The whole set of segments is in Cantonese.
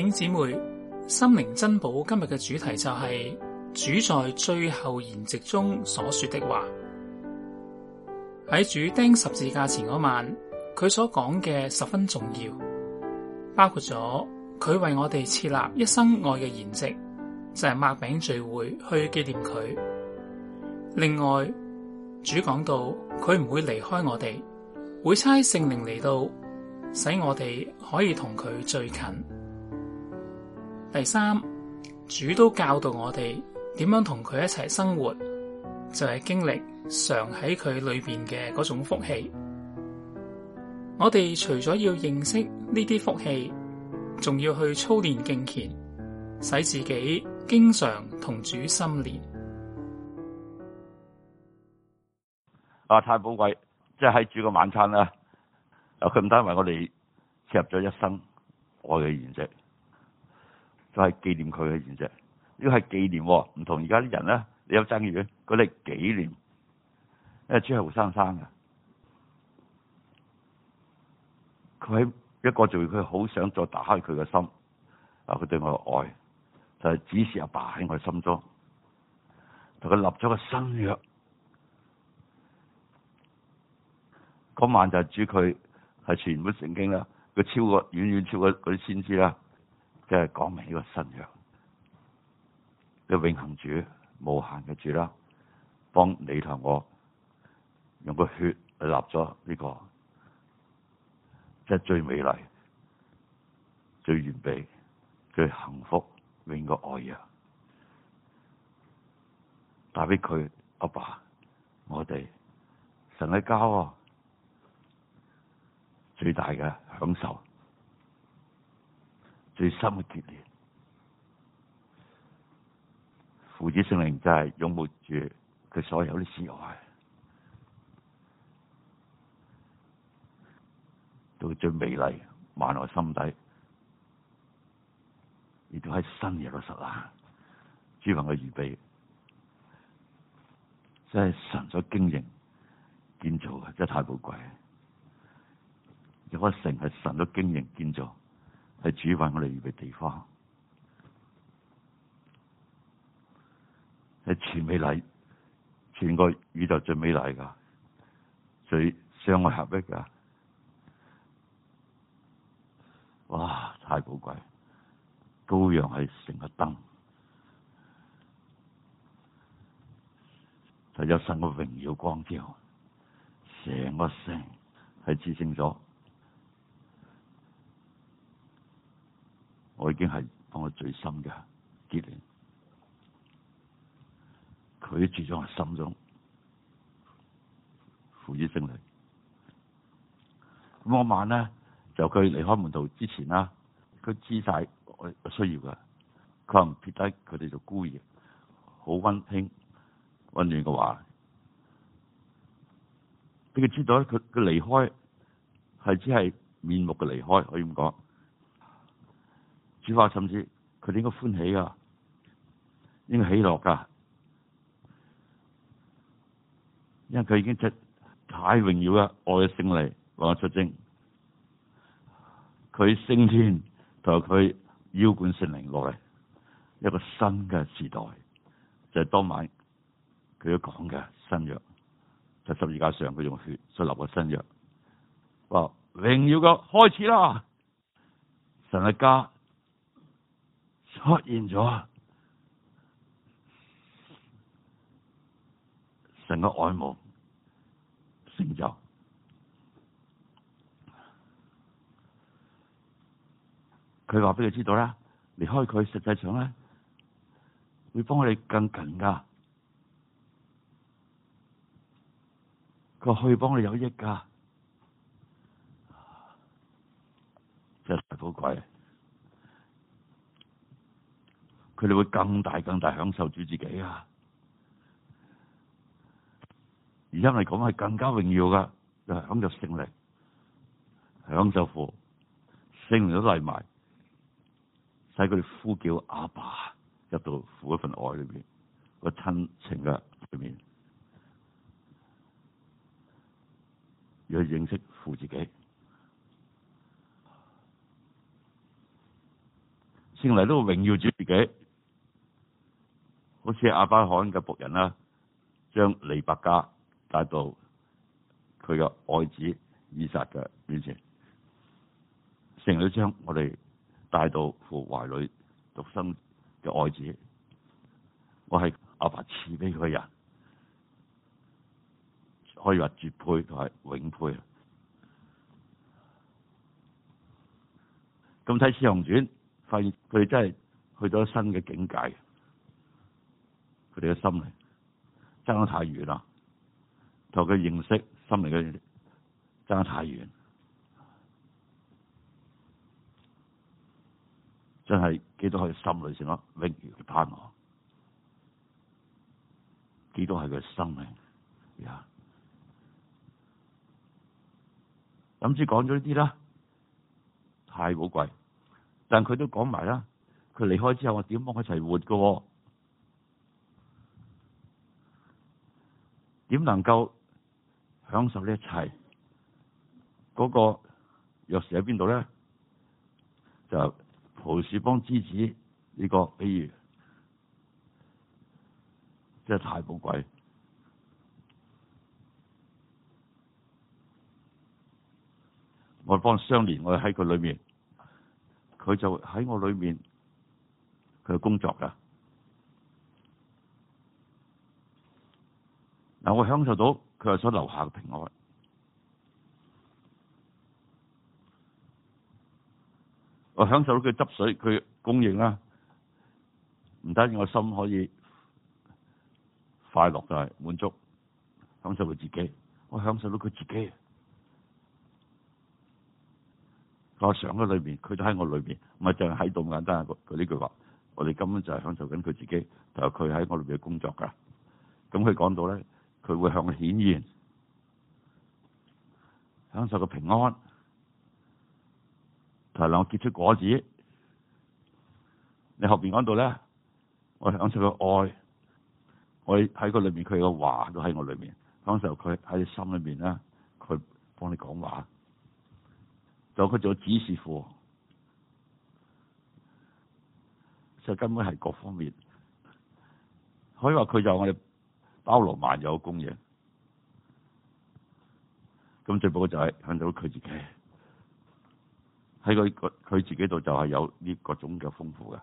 兄姊妹，心靈珍寶今日嘅主題就係、是、主在最後筵席中所說的話。喺主釘十字架前嗰晚，佢所講嘅十分重要，包括咗佢為我哋設立一生愛嘅筵席，就係擘餅聚會去紀念佢。另外，主講到佢唔會離開我哋，會差聖靈嚟到，使我哋可以同佢最近。第三，主都教導我哋點樣同佢一齊生活，就係、是、經歷常喺佢裏邊嘅嗰種福氣。我哋除咗要認識呢啲福氣，仲要去操練敬虔，使自己經常同主心連。啊，太寶貴！即係喺主個晚餐啦，佢唔單，為我哋切入咗一生愛嘅原則。就係紀念佢嘅現象。呢個係紀念，唔同而家啲人咧。你有爭議，嗰啲係紀念，因為主係好生生嘅，佢喺一個聚會，佢好想再打開佢嘅心，嗱，佢對我嘅愛，就係、是、指示阿爸喺我心中，同佢立咗個新約。嗰晚就係主佢係全本聖經啦，佢超過遠遠超過嗰啲先知啦。即係講明呢個新約，嘅永恆主、無限嘅主啦，幫你同我用個血立咗呢、這個，即係最美麗、最完美、最幸福、永個愛啊！帶畀佢阿爸，我哋神嘅家最大嘅享受。最深嘅結連，父子聖靈就係擁抱住佢所有嘅慈愛，到最美麗埋我心底，亦都喺新嘢落實啊！主雲嘅預備，真係神所經營建造嘅，真係太寶貴。有間城係神所經營建造。係主為我哋預備地方，係全美麗、全個宇宙最美麗噶，最相愛合一噶，哇！太寶貴，羔羊係成個燈，就一身個榮耀光之後，成個城係自升咗。已經係放喺最深嘅結，佢住咗我心中賦予勝利。咁我、那個、晚咧，就佢離開門徒之前啦，佢知晒我需要噶，佢唔撇低佢哋做孤兒，好溫馨溫暖嘅話。呢個知道佢嘅離開係只係面目嘅離開，可以咁講。主話甚至佢應該歡喜噶，應該喜樂噶，因為佢已經出太榮耀啊，愛嘅勝利，我嘅出征，佢升天同埋佢腰管聖靈落嚟，一個新嘅時代就係、是、當晚佢都講嘅新約，就是、十字架上佢用血所立嘅新約，哇，榮耀嘅開始啦，神嘅家。出現咗成個愛慕成就，佢話俾佢知道啦。離開佢實際上咧會幫我哋更近噶，佢可以幫你有益噶，真係好貴。佢哋會更大更大享受主自己啊！而家嚟講係更加榮耀噶，就係、享受聖靈、享受父，聖靈都嚟埋，使佢哋呼叫阿爸入到父一份愛裏邊，個親情嘅裏面，要認識父自己，聖靈都會榮耀主自己。好似亞伯罕嘅僕人啦，將利百加帶到佢嘅愛子以撒嘅面前，成日將我哋帶到父懷裏，獨生嘅愛子，我係阿爸賜俾佢嘅人，可以話絕配同埋永配。咁睇《看四雄傳》，發現佢真係去咗新嘅境界。佢哋嘅心靈爭得太遠啦，同佢認識心靈嘅爭得太遠，真係基督喺心裏先咯，永遠攀我。基督係佢生命呀。諗住講咗呢啲啦，太寶貴。但佢都講埋啦，佢離開之後我點幫佢一齊活噶？點能夠享受呢一切？嗰、那個鑰匙喺邊度咧？就葡萄樹幫枝子呢、這個，比喻真係太寶貴。我幫相連，我喺佢裏面，佢就喺我裏面佢嘅工作噶。我享受到佢所留下嘅平安，我享受到佢執水佢供應啦，唔單止我心可以快樂就係滿足，享受佢自己。我享受到佢自己，我享受到佢自己，我喺佢嘅裏邊佢就喺我裏邊，唔係淨係喺度咁簡單。佢呢句話，我哋根本就係享受緊佢自己，就佢喺我裏邊工作噶。咁佢講到咧，佢會向我顯現，享受個平安，提能結出果子。你後面邊講到咧，我享受個愛，我喺個裏面，佢個話都喺我裏面，享受佢喺你心裏面咧，佢幫你講話，就佢做指示符，所以根本係各方面，可以話佢就我哋。包羅萬有嘅供應，咁最寶嘅就係向到佢自己喺佢佢自己度，就係有呢個種嘅豐富嘅。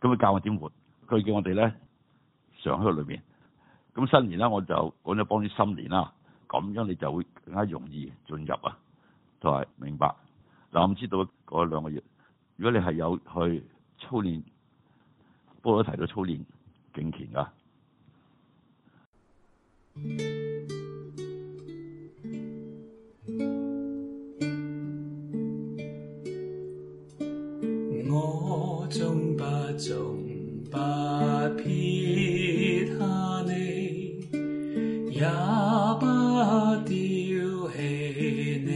咁佢教我點活，佢叫我哋咧常喺裏面。咁新年咧，我就講咗幫啲新年啦，咁樣你就會更加容易進入啊，同埋明白。嗱，我唔知道嗰兩個月，如果你係有去操練，不過都提到操練。景啊！我總不總不撇下你，也不丟棄你，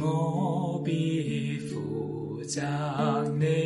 我必負責你。